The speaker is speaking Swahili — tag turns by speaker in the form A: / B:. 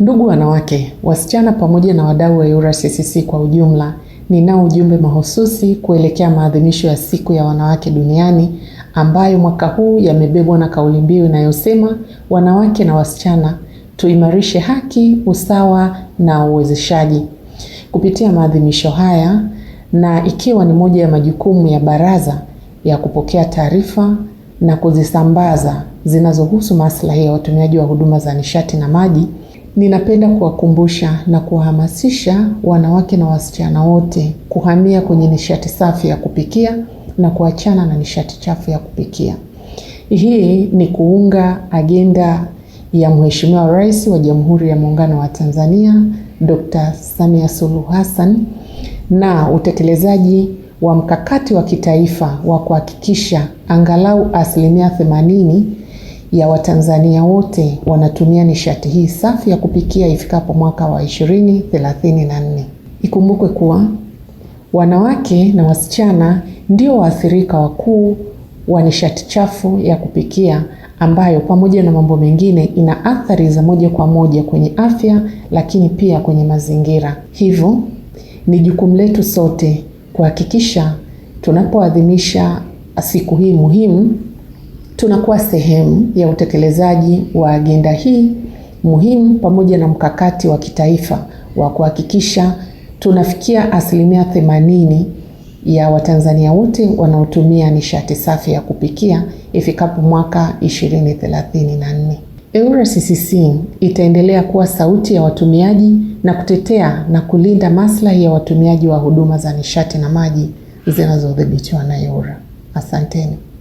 A: Ndugu wanawake, wasichana pamoja na wadau wa urccc kwa ujumla, ninao ujumbe mahususi kuelekea maadhimisho ya siku ya wanawake duniani ambayo mwaka huu yamebebwa na kauli mbiu inayosema wanawake na wasichana tuimarishe haki, usawa na uwezeshaji. Kupitia maadhimisho haya na ikiwa ni moja ya majukumu ya baraza ya kupokea taarifa na kuzisambaza zinazohusu maslahi ya watumiaji wa huduma za nishati na maji Ninapenda kuwakumbusha na kuwahamasisha wanawake na wasichana wote kuhamia kwenye nishati safi ya kupikia na kuachana na nishati chafu ya kupikia. Hii ni kuunga agenda ya Mheshimiwa Rais wa Jamhuri ya Muungano wa Tanzania, Dr. Samia Suluhu Hassan na utekelezaji wa mkakati wa kitaifa wa kuhakikisha angalau asilimia themanini ya Watanzania wote wanatumia nishati hii safi ya kupikia ifikapo mwaka wa 2034. Ikumbukwe kuwa wanawake na wasichana ndio waathirika wakuu wa nishati chafu ya kupikia ambayo pamoja na mambo mengine ina athari za moja kwa moja kwenye afya, lakini pia kwenye mazingira. Hivyo ni jukumu letu sote kuhakikisha tunapoadhimisha siku hii muhimu tunakuwa sehemu ya utekelezaji wa agenda hii muhimu pamoja na mkakati wa kitaifa wa kuhakikisha tunafikia asilimia themanini ya Watanzania wote wanaotumia nishati safi ya kupikia ifikapo mwaka 2034. EWURA-CCC itaendelea kuwa sauti ya watumiaji na kutetea na kulinda maslahi ya watumiaji wa huduma za nishati na maji zinazodhibitiwa na eura Asanteni.